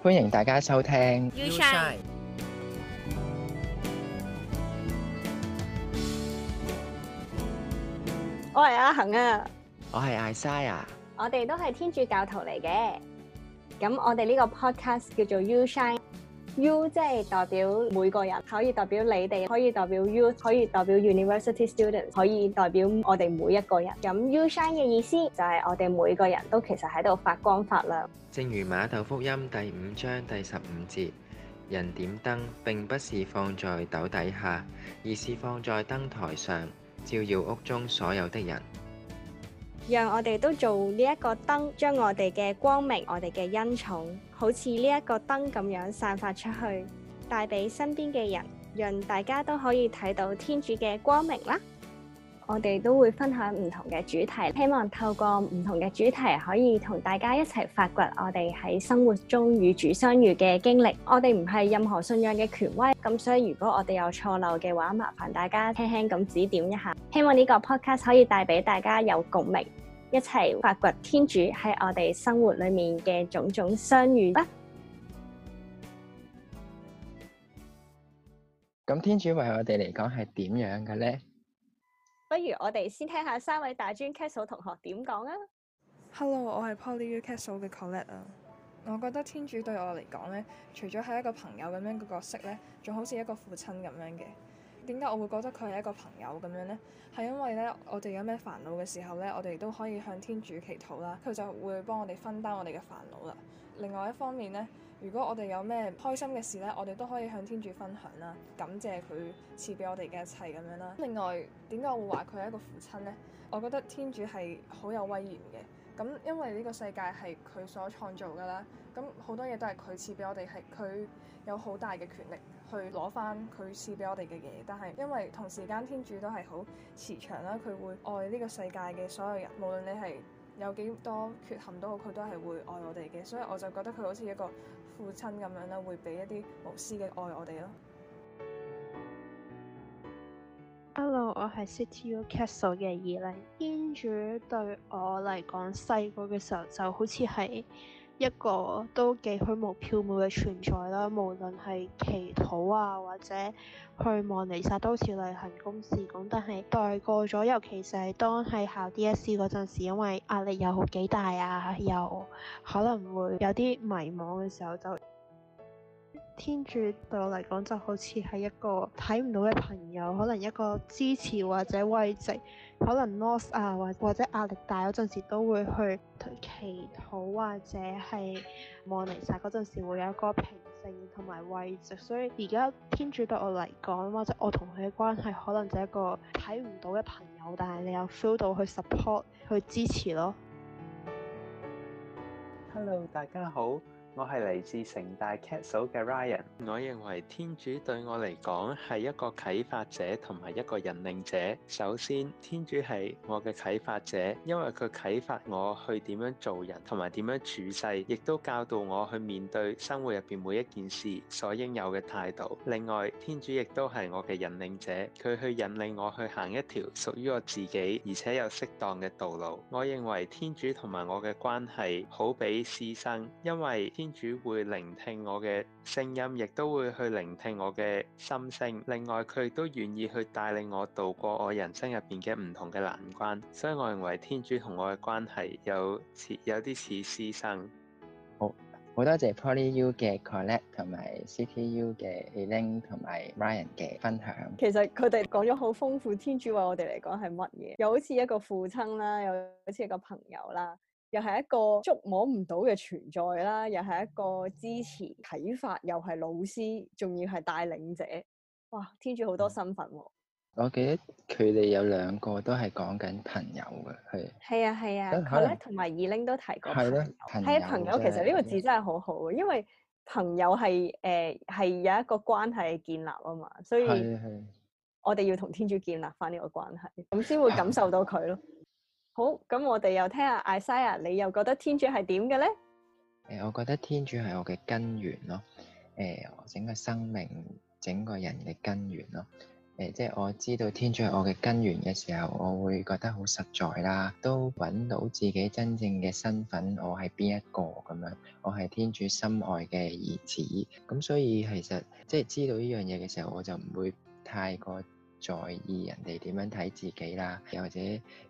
歡迎大家收聽。U Shine。我係阿恒啊，我係艾莎啊，我哋都係天主教徒嚟嘅。咁我哋呢個 podcast 叫做 U Shine。U 即係代表每個人，可以代表你哋，可以代表 youth，可以代表 university students，可以代表我哋每一個人。咁 U shine 嘅意思就係我哋每個人都其實喺度發光發亮。正如馬太福音第五章第十五節，人點燈並不是放在斗底下，而是放在燈台上，照耀屋中所有的人。讓我哋都做呢一個燈，將我哋嘅光明、我哋嘅恩寵，好似呢一個燈咁樣散發出去，帶俾身邊嘅人，讓大家都可以睇到天主嘅光明啦。我哋都會分享唔同嘅主題，希望透過唔同嘅主題，可以同大家一齊發掘我哋喺生活中與主相遇嘅經歷。我哋唔係任何信仰嘅權威，咁所以如果我哋有錯漏嘅話，麻煩大家輕輕咁指點一下。希望呢個 podcast 可以帶俾大家有共鳴，一齊發掘天主喺我哋生活裏面嘅種種相遇啦。咁天主為我哋嚟講係點樣嘅咧？不如我哋先聽下三位大專 Castle 同學點講啊。Hello，我係 PolyU Castle 嘅 Colette 啊。我覺得天主對我嚟講咧，除咗係一個朋友咁樣嘅角色咧，仲好似一個父親咁樣嘅。點解我會覺得佢係一個朋友咁樣呢？係因為呢，我哋有咩煩惱嘅時候呢，我哋都可以向天主祈禱啦，佢就會幫我哋分擔我哋嘅煩惱啦。另外一方面呢，如果我哋有咩開心嘅事呢，我哋都可以向天主分享啦，感謝佢賜俾我哋嘅一切咁樣啦。另外，點解我會話佢係一個父親呢？我覺得天主係好有威嚴嘅，咁因為呢個世界係佢所創造㗎啦，咁好多嘢都係佢賜俾我哋，係佢有好大嘅權力。去攞翻佢賜俾我哋嘅嘢，但係因為同時間天主都係好慈祥啦，佢會愛呢個世界嘅所有人，無論你係有幾多缺陷都好，佢都係會愛我哋嘅，所以我就覺得佢好似一個父親咁樣啦，會俾一啲無私嘅愛我哋咯。Hello，我係 City Castle 嘅二零，天主對我嚟講，細個嘅時候就好似係。一個都幾虛無縹緲嘅存在啦，無論係祈禱啊，或者去望彌撒都似例行公事咁，但係代過咗，尤其是係當係考 DSE 陣時，因為壓力又好幾大啊，又可能會有啲迷茫嘅時候就。天主對我嚟講就好似係一個睇唔到嘅朋友，可能一個支持或者慰藉，可能 loss 啊，或或者壓力大嗰陣時都會去祈禱或者係望彌撒嗰陣時會有一個平靜同埋慰藉，所以而家天主對我嚟講或者我同佢嘅關係可能就係一個睇唔到嘅朋友，但係你有 feel 到去 support 去支持咯。Hello，大家好。我係嚟自城大 cat 嘅 Ryan，我認為天主對我嚟講係一個啟發者同埋一個引領者。首先，天主係我嘅啟發者，因為佢啟發我去點樣做人同埋點樣處世，亦都教導我去面對生活入邊每一件事所應有嘅態度。另外，天主亦都係我嘅引領者，佢去引領我去行一條屬於我自己而且有適當嘅道路。我認為天主同埋我嘅關係好比師生，因為天天主會聆聽我嘅聲音，亦都會去聆聽我嘅心聲。另外，佢亦都願意去帶領我度過我人生入邊嘅唔同嘅難關。所以，我認為天主同我嘅關係有似有啲似師生。好、哦、多謝 Poly U 嘅 Collette 同埋 CPU 嘅 Eling 同埋 Ryan 嘅分享。其實佢哋講咗好豐富，天主為我哋嚟講係乜嘢？又好似一個父親啦，又好似一個朋友啦。又係一個捉摸唔到嘅存在啦，又係一個支持啟發，又係老師，仲要係帶領者，哇！天主好多身份喎、啊。我記得佢哋有兩個都係講緊朋友嘅，係。係啊係啊，佢咧同埋二 l 都提過朋友，係啊朋友，就是，其實呢個字真係好好，的因為朋友係誒係有一個關係建立啊嘛，所以我哋要同天主建立翻呢個關係，咁先會感受到佢咯。 好，咁我哋又聽下艾西亞你又覺得天主係點嘅咧？誒、呃，我覺得天主係我嘅根源咯，誒、呃，我整個生命整個人嘅根源咯。誒、呃，即係我知道天主係我嘅根源嘅時候，我會覺得好實在啦，都揾到自己真正嘅身份。我係邊一個咁樣？我係天主心愛嘅兒子，咁所以其實即係知道呢樣嘢嘅時候，我就唔會太過。在意人哋點樣睇自己啦，又或者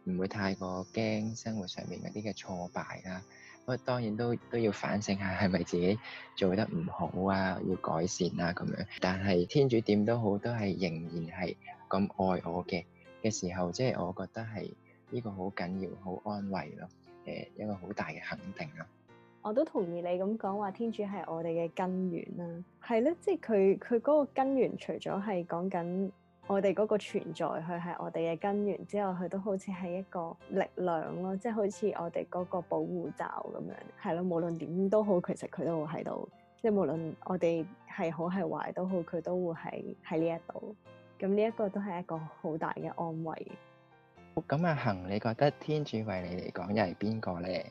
唔會太過驚生活上面嗰啲嘅挫敗啦。咁啊，當然都都要反省下，係咪自己做得唔好啊？要改善啦咁樣。但係天主點都好，都係仍然係咁愛我嘅嘅時候，即係我覺得係呢個好緊要、好安慰咯。誒、呃，一個好大嘅肯定啦。我都同意你咁講話，天主係我哋嘅根源啦。係咧，即係佢佢嗰個根源，除咗係講緊。我哋嗰個存在，佢係我哋嘅根源之，之後佢都好似係一個力量咯，即係好似我哋嗰個保護罩咁樣，係咯，無論點都好，其實佢都會喺度，即係無論我哋係好係壞都好，佢都會喺喺呢一度，咁呢一個都係一個好大嘅安慰。咁阿恒，你覺得天主為你嚟講又係邊個咧？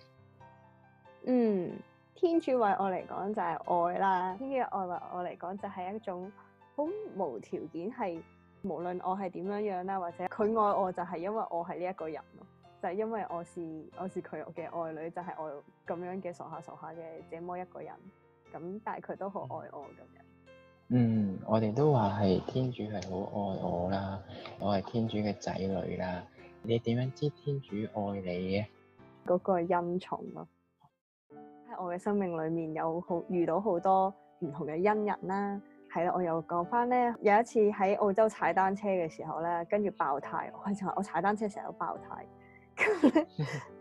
嗯，天主為我嚟講就係愛啦，天主嘅愛為我嚟講就係一種好無條件係。無論我係點樣樣啦，或者佢愛我就係因為我係呢一個人咯，就係因為我是、我是佢嘅愛女，就係我咁樣嘅傻下傻下嘅這麼一個人。咁但係佢都好愛我咁樣。嗯，我哋都話係天主係好愛我啦，我係天主嘅仔女啦。你點樣知天主愛你嘅？嗰個恩寵咯，喺我嘅生命裏面有好遇到好多唔同嘅恩人啦。係啦，我又講翻咧，有一次喺澳洲踩單車嘅時候咧，跟住爆胎。我就話我踩單車成日都爆胎，咁 咧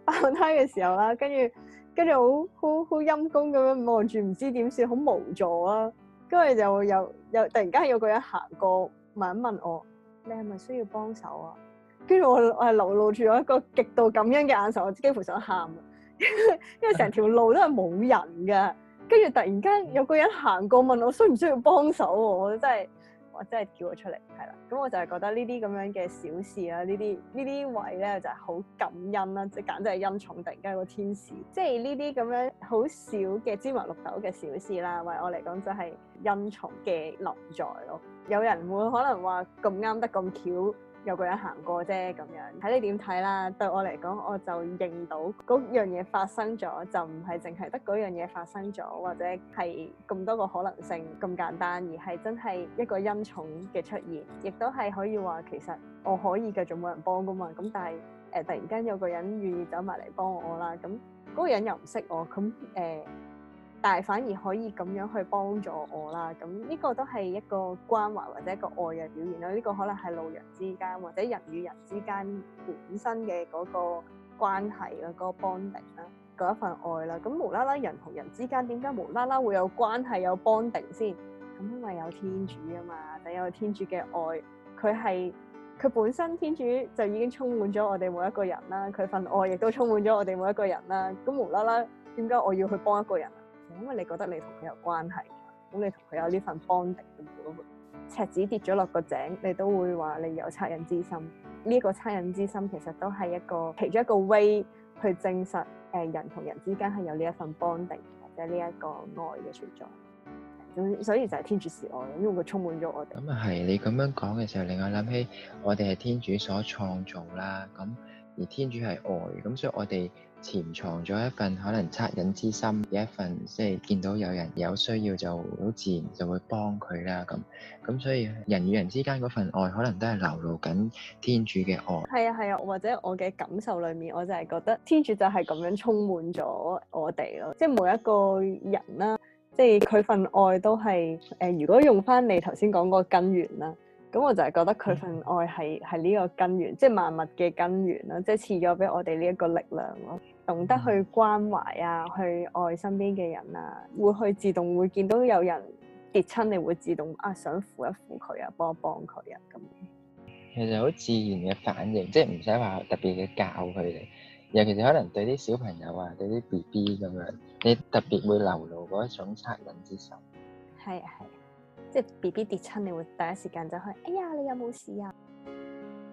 爆胎嘅時候啦，跟住跟住好好好陰公咁樣望住，唔知點算，好無助啦、啊。跟住就又又，又突然間有個人行過，問一問我：你係咪需要幫手啊？跟住我我係流露住一個極度感恩嘅眼神，我幾乎想喊 因為成條路都係冇人㗎。跟住突然間有個人行過問我需唔需要幫手喎，我真係我真係叫咗出嚟，係啦。咁我就係覺得呢啲咁樣嘅小事啊，呢啲呢啲位咧就係好感恩啦，即係簡直係恩寵。突然間個天使，即係呢啲咁樣好少嘅芝麻綠豆嘅小事啦，為我嚟講就係恩寵嘅臨在咯。有人會可能話咁啱得咁巧。有個人行過啫，咁樣睇你點睇啦？對我嚟講，我就認到嗰樣嘢發生咗，就唔係淨係得嗰樣嘢發生咗，或者係咁多個可能性咁簡單，而係真係一個恩寵嘅出現，亦都係可以話其實我可以繼續冇人幫㗎嘛。咁但係誒、呃，突然間有個人願意走埋嚟幫我啦，咁、那、嗰個人又唔識我，咁誒。呃但係反而可以咁樣去幫助我啦。咁呢個都係一個關懷或者一個愛嘅表現啦。呢個可能係路人之間或者人與人之間本身嘅嗰個關係嘅嗰個 bonding 啦，嗰一份愛啦。咁無啦啦，人同人之間點解無啦啦會有關係有 bonding 先？咁因為有天主啊嘛，有天主嘅愛，佢係佢本身天主就已經充滿咗我哋每一個人啦。佢份愛亦都充滿咗我哋每一個人啦。咁無啦啦，點解我要去幫一個人？因為你覺得你同佢有關係，咁你同佢有呢份 bonding，赤子跌咗落個井，你都會話你有惻隱之心。呢、這個惻隱之心其實都係一個其中一個 way 去證實誒人同人之間係有呢一份 bonding，或者呢一個愛嘅存在。咁所以就係天主是愛，因為佢充滿咗愛。咁啊係，你咁樣講嘅時候，令我諗起我哋係天主所創造啦咁。而天主係愛，咁所以我哋潛藏咗一份可能惻隱之心，有一份即係、就是、見到有人有需要就好自然就會幫佢啦咁。咁所以人與人之間嗰份愛可能都係流露緊天主嘅愛。係啊係啊，或者我嘅感受裏面，我就係覺得天主就係咁樣充滿咗我哋咯，即係每一個人啦，即係佢份愛都係誒。如果用翻你頭先講個根源啦。咁我就係覺得佢份愛係係呢個根源，即係萬物嘅根源啦，即係賜咗俾我哋呢一個力量咯。懂得去關懷啊，去愛身邊嘅人啊，會去自動會見到有人跌親，你會自動啊想扶一扶佢啊，幫一幫佢啊咁。其實好自然嘅反應，即係唔使話特別嘅教佢哋。尤其是可能對啲小朋友啊，對啲 BB 咁樣，你特別會流露嗰一種惻隱之心。係啊係。即係 BB 跌親，你會第一時間就去，哎呀，你有冇事啊？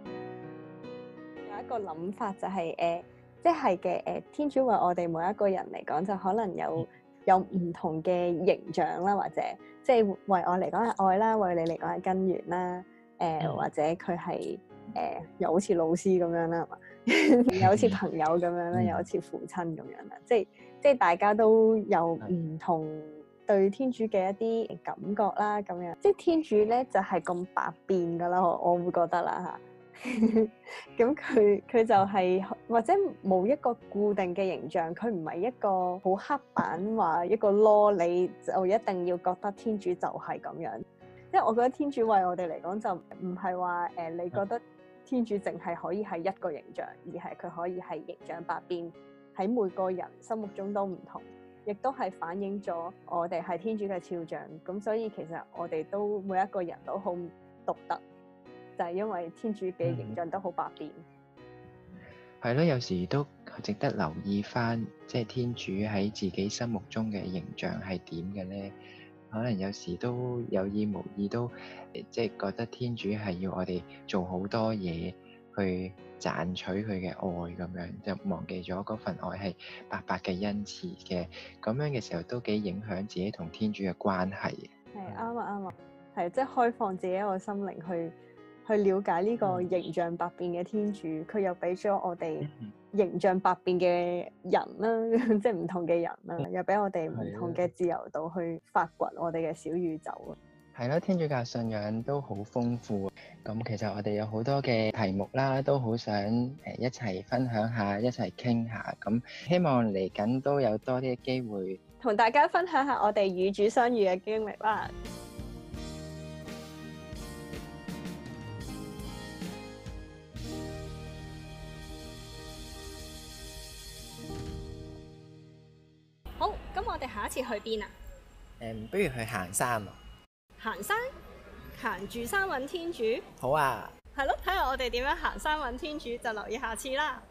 有一個諗法就係、是、誒、呃，即係嘅誒，天主為我哋每一個人嚟講，就可能有有唔同嘅形象啦，或者即係為我嚟講係愛啦，為你嚟講係根源啦，誒、呃 oh. 或者佢係誒又好似老師咁樣啦，又 好似朋友咁樣啦，又好似父親咁樣啦，即係即係大家都有唔同。對天主嘅一啲感覺啦，咁樣即係天主咧就係咁百變噶啦，我會覺得啦嚇。咁佢佢就係，或者冇一個固定嘅形象，佢唔係一個好黑板話一個囉，你就一定要覺得天主就係咁樣。因為我覺得天主為我哋嚟講就唔係話誒，你覺得天主淨係可以係一個形象，而係佢可以係形象百變，喺每個人心目中都唔同。亦都係反映咗我哋係天主嘅肖像，咁所以其實我哋都每一個人都好獨特，就係因為天主嘅形象都好百變。係咯、嗯，有時都值得留意翻，即係天主喺自己心目中嘅形象係點嘅咧？可能有時都有意無意都，即係覺得天主係要我哋做好多嘢。去賺取佢嘅愛咁樣，就忘記咗嗰份愛係白白嘅恩賜嘅，咁樣嘅時候都幾影響自己同天主嘅關係嘅。係啱啊，啱啊，係即係開放自己一個心靈去去了解呢個形象百變嘅天主，佢、嗯、又俾咗我哋形象百變嘅人啦，即係唔同嘅人啦，嗯、又俾我哋唔同嘅自由度去發掘我哋嘅小宇宙。係咯，天主教信仰都好豐富。咁其實我哋有好多嘅題目啦，都好想誒、呃、一齊分享下，一齊傾下。咁希望嚟緊都有多啲機會同大家分享下我哋與主相遇嘅經歷啦。好，咁我哋下一次去邊啊？誒、呃，不如去行山啊！行山，行住山揾天主，好啊，係囉，睇下我哋點樣行山揾天主，就留意下次啦。